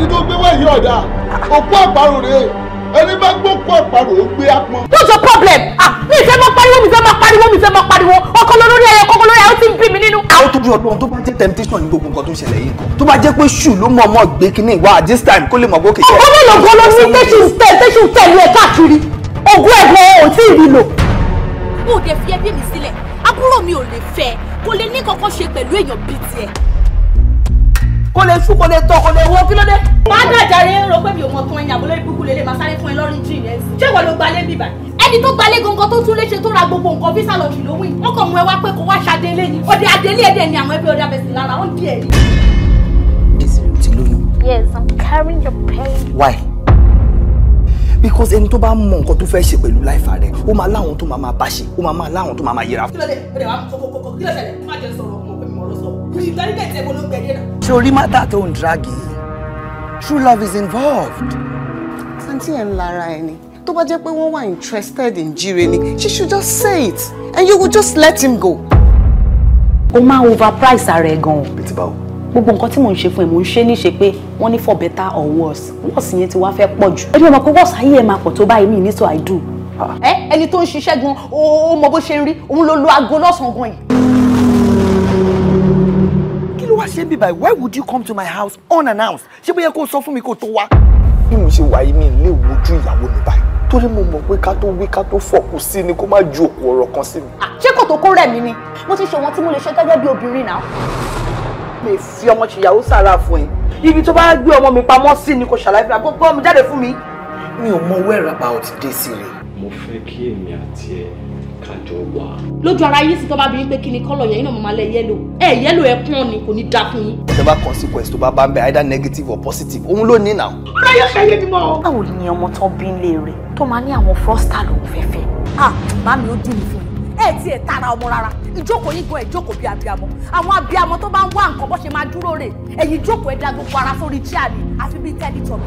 kí ló gbé wáyé ọ̀dà òkú àparò rèé ẹni bá gbó kó àparò ó gbé apọn. what's your problem? Ah, mi ìfẹ́ máa pariwo mi ìfẹ́ máa pariwo mi ìfẹ́ máa pariwo ọkọ lórí ẹyẹ kọ́kọ́ lórí ẹyẹ ó ti ń bí mi nínú. àwọn tó bí ọlọ́run tó bá jẹ́ temptation ní gbogbo nǹkan tó ṣẹlẹ̀ yìí tó bá jẹ́ pé ṣù ló mọ̀ ọmọ gbé kínní ìwà at this time kó lè mọ̀ gòkè. ọgbọ́n mélòó gan ló ní tẹ́sán tẹ̀ tẹ́sán tẹ̀lé ẹ̀ káàkiri ogún ẹ̀gbọ́n ò tí ì rí lò. mo ò dẹ̀ fi ẹbí mi sílẹ̀ àbúrò mi ò lè fẹ́ kò lè ní kankan ṣe pẹ̀lú èèyàn bíi tiẹ̀ kò lè ṣú kò lè tọ kò lè wọ kí ló dé. má dàjàre rò pé mi ò mọ tán ẹyìn àbúlé kúkú lè lè máa sáré fún ẹ lọ́rùn jìn yẹn ṣé ìwọ ló gbalé bíbà. ẹni tó gbalé gangan tó tún léṣe tó ra gbogbo nǹkan físà lọ́ọ̀kì ló wìn wọn kàn mú ẹ wá pé kó wá ṣàdélé ni òde àdélé ẹ̀dẹ̀ ni àwọn ẹbí ọ̀dà bẹ̀sẹ̀ lára ó ń di ẹ̀rí. Yes, I'm carrying your pain. Why? because ẹni tó bá mọ nǹkan tó fẹ́ ṣe pẹ̀lú láìfà rẹ̀ ó máa láwọn tó máa máa bá ṣe ó máa máa láwọn tó máa máa yẹra. kí ló wàá kókó kókó kí ló má jẹ sọ̀rọ̀ ọmọ pé mo rọ sọ. ìgbàlódé tẹ̀ mo ló gbẹ̀yẹ sórí mátà tó ń dragi true love is involved. santi ẹ̀ ń lara ẹni tó bá jẹ́ pé wọ́n wà interested in Jire ni she should just say it and you will just let him go. o máa overprice ara ẹ gan-an. bí ti bá wò gbogbo nǹkan tí mò ń ṣe fún ẹ mò ń ṣe níṣe pé wọ́n ní for better or worse worse yẹn ti wá fẹ́ pọ̀ jù. ẹni ọmọ pé worse ayé ẹ máa pọ̀ tó báyìí mi ní so i do. Ah. ẹ ẹni tó ń ṣiṣẹ́ gan-an ó mọ bó ṣe ń rí òun ló lo aago lọ́sàn-án gan yìí báyìí why would you come to my house unannounced ṣé bóyá kó sọ fún mi kó tó wá. bí mo ṣe wà yìí mi lè wojú ìyàwó mi báyìí torí mo mọ̀ pé ká tó wí ká tó fọ̀kù sí ni kó má ju òkú ọ̀rọ̀ kan sí mi. Ah, ṣé kò tó kó rẹ̀ mí ni mo ti ṣe wọn tí mo lè ṣe gẹ́gẹ́ bí obìnrin náà. mi fi ọmọ ṣìyàwó sára fún ẹ ibi tó bá gbé ọmọ mi pamọ́ sí ni kò ṣàlàyé fún mi àgbọ̀gbọ́ mi jáde fún mi. mi ò mọ where about dé sí rèé mo fẹ́ kí èmi àti ẹ kájọ wà. lójú ara yín sí tó bá bí pé kí ni kọ́lọ̀ yẹn iná mo máa lẹ yẹ́lò ẹ yẹ́lò ẹ kún ọ̀nì kò ní dáa fún yín. whatever consequence tó bá bá ń bẹ either negative or positive òun ló ní náà. ọ̀rọ̀ yóò ṣe yé mi mọ́. báwo ni ọmọ tó bí ń lé rẹ̀ tó máa ní àwọn frostal òun fẹ́fẹ́ ah bá mi ó dùn mí fún mi ẹ ti ẹ tara ọmọ rárá ìjókòó yín gan ìjókòó bí abiamọ àwọn abiamọ tó bá ń wá nǹkan bó ṣe máa dúró rè ẹ̀yin ìjókòó ẹ dá gbogbo ara sórí chíà ni àfi bíi tẹ́lítọ̀ọ̀mù.